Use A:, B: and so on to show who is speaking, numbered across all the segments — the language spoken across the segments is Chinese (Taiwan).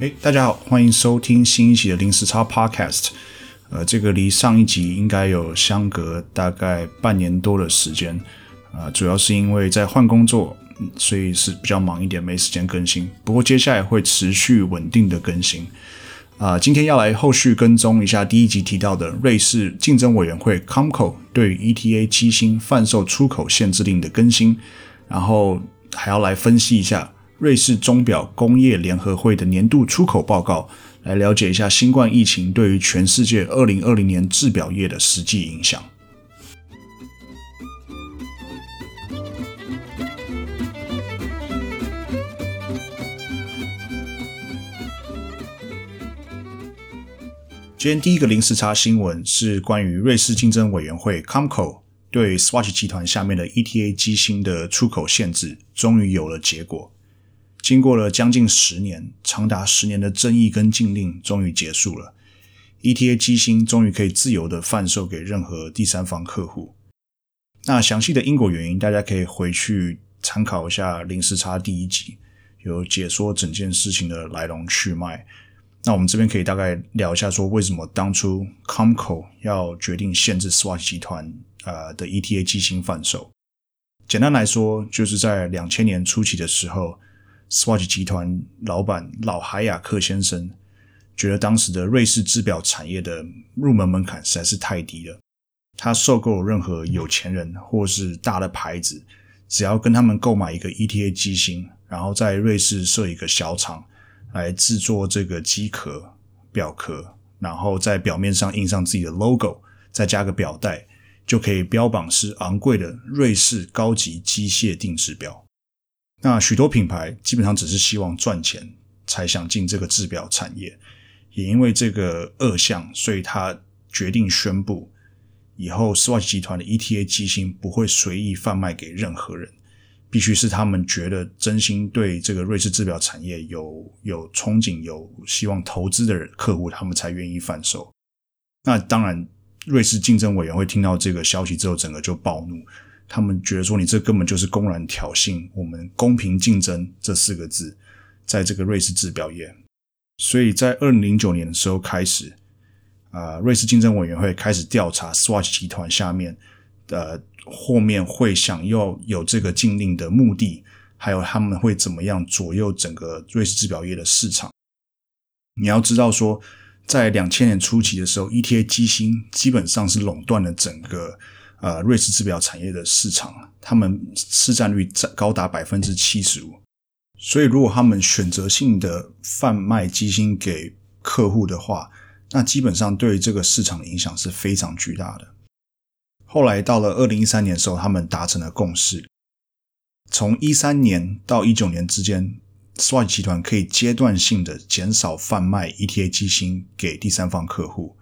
A: 哎，大家好，歡迎收聽新一期的臨時差 Podcast。呃，這個離上一集應該有相隔大概半年多的時間，啊、呃，主要是因為在換工作，所以是比較忙一點，沒時間更新。不過接下來會持續穩定的更新。啊、呃，今天要來後續跟蹤一下第一集提到的瑞士競爭委員會 COMCO 對 ETA 機芯販售出口限制令的更新，然後還要來分析一下。瑞士鐘錶工業聯合會的年度出口報告，來了解一下新冠疫情對於全世界二零二零年製錶業的實際影響。今天第一個臨時差新聞是關於瑞士競爭委員會 Comco 對 Swatch 集團下面的 ETA 機芯的出口限制，終於有了結果。經過了將近十年，長達十年的爭議跟禁令終於結束了，ETA 機芯終於可以自由地販售給任何第三方客戶。那詳細的因果原因，大家可以回去參考一下《臨時差》第一集，有解說整件事情的來龍去脈。那我們這邊可以大概聊一下，說為什麼當初 Comco 要決定限制 Swatch 集團啊的 ETA 機芯販售。簡單來說，就是在兩千年初期的時候。Swatch 集團老板老海雅克先生覺得，當時的瑞士製錶產業的入門門檻實在是太低了。他受夠了任何有錢人或是大的牌子，只要跟他們購買一個 ETA 機芯，然後在瑞士設一個小廠來製作這個機殼、錶殼，然後在錶面上印上自己的 logo，再加個錶帶，就可以標榜是昂貴的瑞士高級機械定制表。那許多品牌基本上只是希望賺錢，才想進這個制表產業。也因為這個惡向，所以他決定宣布，以後斯沃琪集團的 ETA 機芯不會隨意販賣給任何人，必須是他們覺得真心對這個瑞士制表產業有有憧憬、有希望投資的客戶，他們才願意販售。那當然，瑞士競爭委員會聽到這個消息之後，整個就暴怒。他們覺得說你這根本就是公然挑釁我們公平競爭這四個字，在這個瑞士製錶業。所以在二零零九年的時候開始，啊，瑞士競爭委員會開始調查 Swatch 集團下面的後面會想要有這個禁令的目的，還有他們會怎麼樣左右整個瑞士製錶業的市場。你要知道說，在兩千年初期的時候，ETA 機芯基本上是壟斷了整個。呃，瑞士製錶產業的市場，他們市佔率高達百分之七十五，所以如果他們選擇性的販賣機芯給客戶的話，那基本上對這個市場的影響是非常巨大的。後來到了二零一三年的時候，他們達成了共識，從一三年到一九年之間，Swatch 集團可以階段性的減少販賣 ETA 機芯給第三方客戶，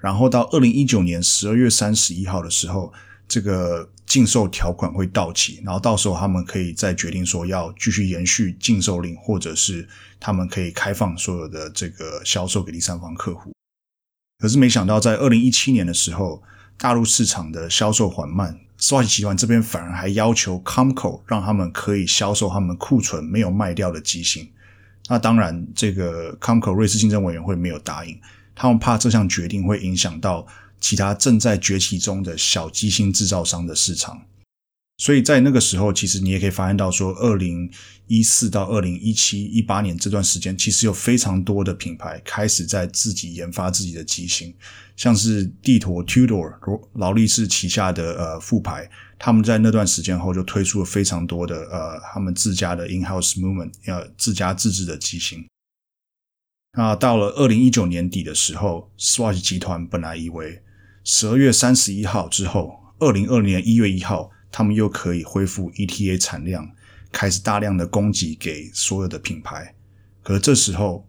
A: 然後到二零一九年十二月三十一號的時候。這個禁售條款會到期，然後到時候他們可以再決定說要繼續延續禁售令，或者是他們可以開放所有的這個銷售給第三方客戶。可是沒想到，在二零一七年的時候，大陸市場的銷售緩慢，Swatch 集團這邊反而還要求 COMCO 讓他們可以銷售他們庫存沒有賣掉的機型。那當然，這個 COMCO 瑞士競爭委員會沒有答應，他們怕這項決定會影響到。其他正在崛起中的小機芯製造商的市場，所以在那個時候，其實你也可以發現到，說二零一四到二零一七一八年這段時間，其實有非常多的品牌開始在自己研發自己的機芯，像是帝舵 Tudor、勞力士旗下的呃副牌，他們在那段時間後就推出了非常多的呃他們自家的 in house movement，呃自家自制的機芯。那到了二零一九年底的時候，Swatch 集團本來以為。十二月三十一號之後，二零二零年一月一號，他們又可以恢復 ETA 產量，開始大量的供給給所有的品牌。可這時候，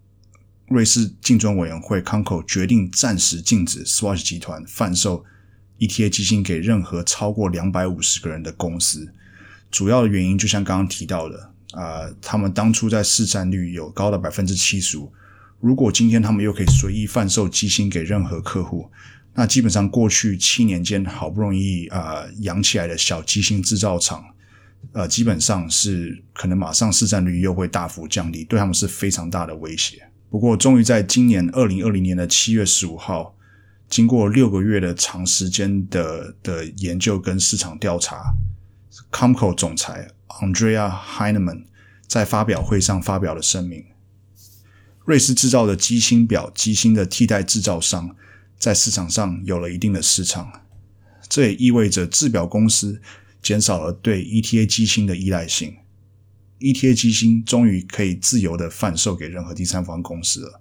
A: 瑞士競爭委員會 COMCO 決定暫時禁止 Swatch 集團販售 ETA 機芯給任何超過兩百五十個人的公司。主要的原因就像剛剛提到的，啊、呃，他們當初在市佔率有高達百分之七十五，如果今天他們又可以隨意販售機芯給任何客戶。那基本上過去七年間好不容易啊、呃、養起來的小機芯製造廠，呃，基本上是可能馬上市占率又會大幅降低，對他們是非常大的威脅。不過，終於在今年二零二零年的七月十五號，經過六個月的長時間的的研究跟市場調查，c o m c o 總裁 Andrea Heineman 在發表會上發表了聲明：瑞士製造的機芯錶機芯的替代製造商在市場上有了一定的市場，這也意味着製表公司減少了對 ETA 機芯的依賴性。ETA 機芯終於可以自由地販售給任何第三方公司了。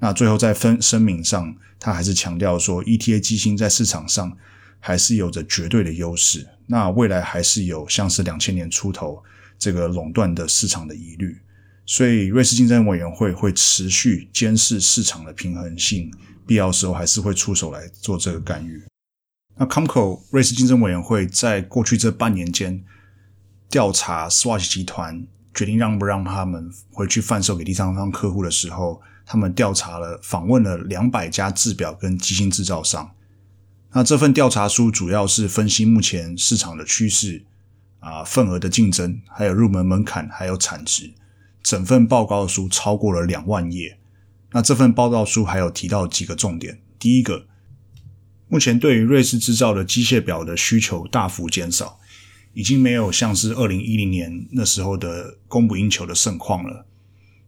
A: 那最後在分聲明上，他還是強調說，ETA 機芯在市場上還是有着絕對的優勢。那未來還是有像是兩千年出頭這個壟斷的市場的疑慮。所以，瑞士競爭委員會會持續監視市場的平衡性，必要的時候還是會出手來做這個干預。那 COMCO 瑞士競爭委員會在過去這半年間調查 Swatch 集團，決定讓不讓他們回去販售給第三方客戶的時候，他們調查了訪問了兩百家制表跟機芯製造商。那這份調查書主要是分析目前市場的趨勢啊、呃，份額的競爭，還有入門門檻，還有產值。整份報告書超過了兩萬頁。那這份報告書還有提到幾個重點。第一個，目前對於瑞士製造的機械錶的需求大幅減少，已經沒有像是二零一零年那時候的供不應求的盛況了。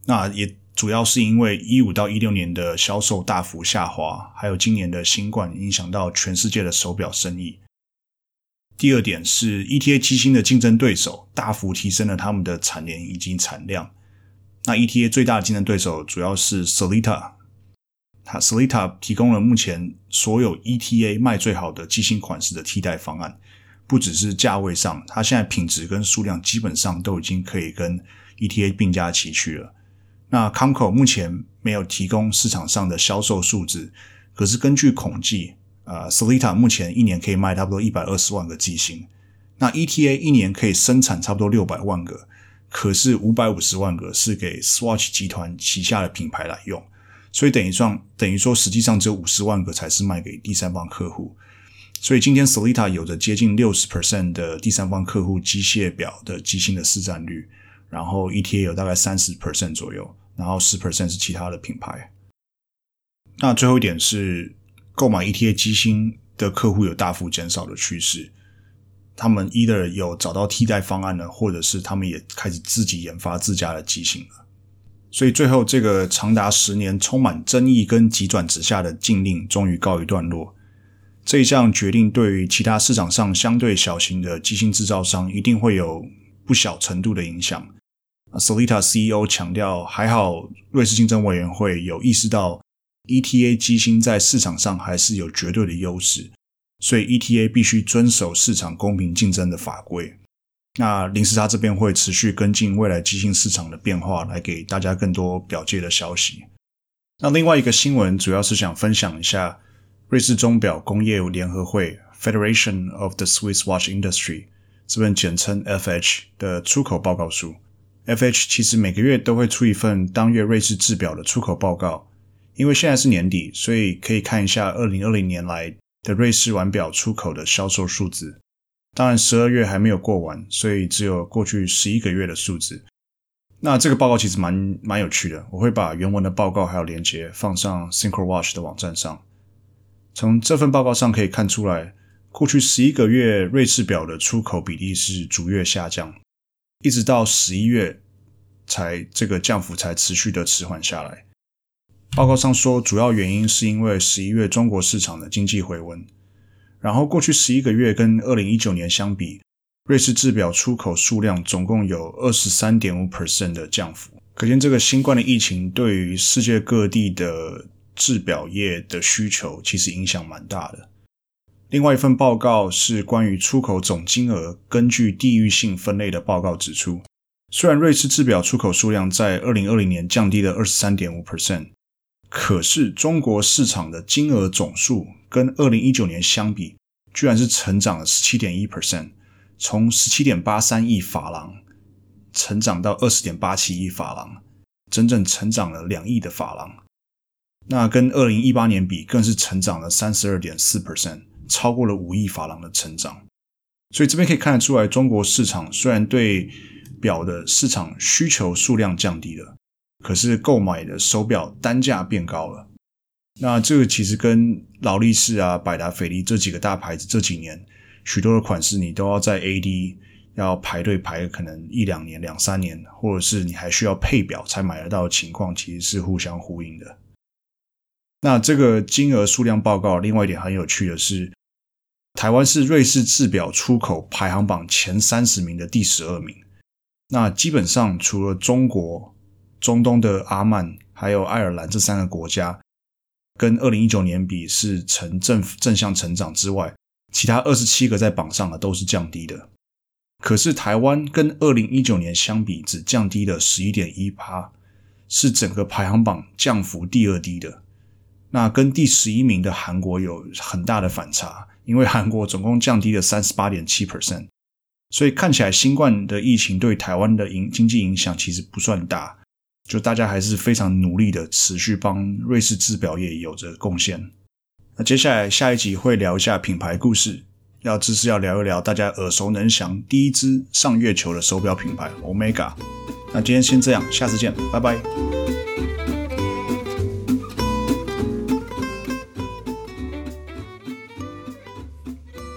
A: 那也主要是因為一五到一六年的銷售大幅下滑，還有今年的新冠影響到全世界的手錶生意。第二點是 ETA 機芯的競爭對手大幅提升了他們的產聯以及產量。那 ETA 最大的競爭對手主要是 Sellita、啊、Sellita 提供了目前所有 ETA 賣最好的機芯款式的替代方案，不只是價位上，它現在品質跟數量基本上都已經可以跟 ETA 並駕齊驅了。那 COMCO 目前沒有提供市場上的銷售數字，可是根據統計，啊 Sellita 目前一年可以賣差不多一百二十萬個機芯，那 ETA 一年可以生產差不多六百萬個。可是五百五十萬個是給 Swatch 集團旗下的品牌來用，所以等於說，等於說，實際上只有五十萬個才是賣給第三方客戶。所以今天 Sellita 有着接近六十 percent 的第三方客戶機械表的機芯的市占率，然後 ETA 有大概三十 percent 左右，然後十 percent 是其他的品牌。那最後一點是，購買 ETA 機芯的客戶有大幅減少的趨勢。他們 either 有找到替代方案了，或者是他們也開始自己研發自家的機芯了。所以最後，這個長達十年、充滿爭議跟急轉直下的禁令，終於告一段落。這一項決定對於其他市場上相對小型的機芯製造商，一定會有不小程度的影響。啊，Solita CEO 強調，還好瑞士競爭委員會有意識到 ETA 機芯在市場上還是有絕對的優勢。所以 ETA 必須遵守市場公平競爭的法規。那臨時差這邊會持續跟進未來機芯市場的變化，來給大家更多表界的消息。那另外一個新聞，主要是想分享一下瑞士鐘錶工業聯合會 （Federation of the Swiss Watch Industry） 這份簡稱 FH 的出口報告書。FH 其實每個月都會出一份當月瑞士制表的出口報告，因為現在是年底，所以可以看一下二零二零年來的瑞士腕錶出口的銷售數字，當然十二月還沒有過完，所以只有過去十一個月的數字。那這個報告其實蠻蠻有趣的，我會把原文的報告還有鏈接放上 Synchrono Watch 的網站上。從這份報告上可以看出來，過去十一個月瑞士錶的出口比例是逐月下降，一直到十一月才這個降幅才持續的遲緩下來。報告上說，主要原因是因為十一月中國市場的經濟回溫。然後，過去十一個月跟二零一九年相比，瑞士制表出口數量總共有二十三點五 percent 的降幅。可見，這個新冠的疫情對於世界各地的制表業的需求其實影響蠻大的。另外一份報告是關於出口總金額根據地域性分類的報告指出，雖然瑞士制表出口數量在二零二零年降低了二十三點五 percent。可是，中國市場的金額總數跟二零一九年相比，居然是成長了十七點一 percent，從十七點八三億法郎成長到二十點八七億法郎，真正成長了兩億的法郎。那跟二零一八年比，更是成長了三十二點四 percent，超過了五億法郎的成長。所以這邊可以看得出來，中國市場雖然對表的市場需求數量降低了。可是購買的手錶單價變高了，那這個其實跟勞力士啊、百達翡麗這幾個大牌子這幾年許多的款式，你都要在 AD 要排隊排可能一兩年、兩三年，或者是你還需要配錶才買得到的情況，其實是互相呼應的。那這個金額數量報告，另外一點很有趣的是，台灣是瑞士制表出口排行榜前三十名的第十二名。那基本上除了中國。中東的阿曼、還有愛爾蘭這三個國家，跟二零一九年比是呈正正向成長之外，其他二十七個在榜上的都是降低的。可是台灣跟二零一九年相比，只降低了十一點一趴，是整個排行榜降幅第二低的。那跟第十一名的韓國有很大的反差，因為韓國總共降低了三十八點七 percent，所以看起來新冠的疫情對台灣的經影經濟影響其實不算大。就大家還是非常努力的，持續幫瑞士製錶業有着貢獻。那接下來下一集會聊一下品牌故事，要只是要聊一聊大家耳熟能詳第一支上月球的手錶品牌 Omega。那今天先這樣，下次見，拜拜。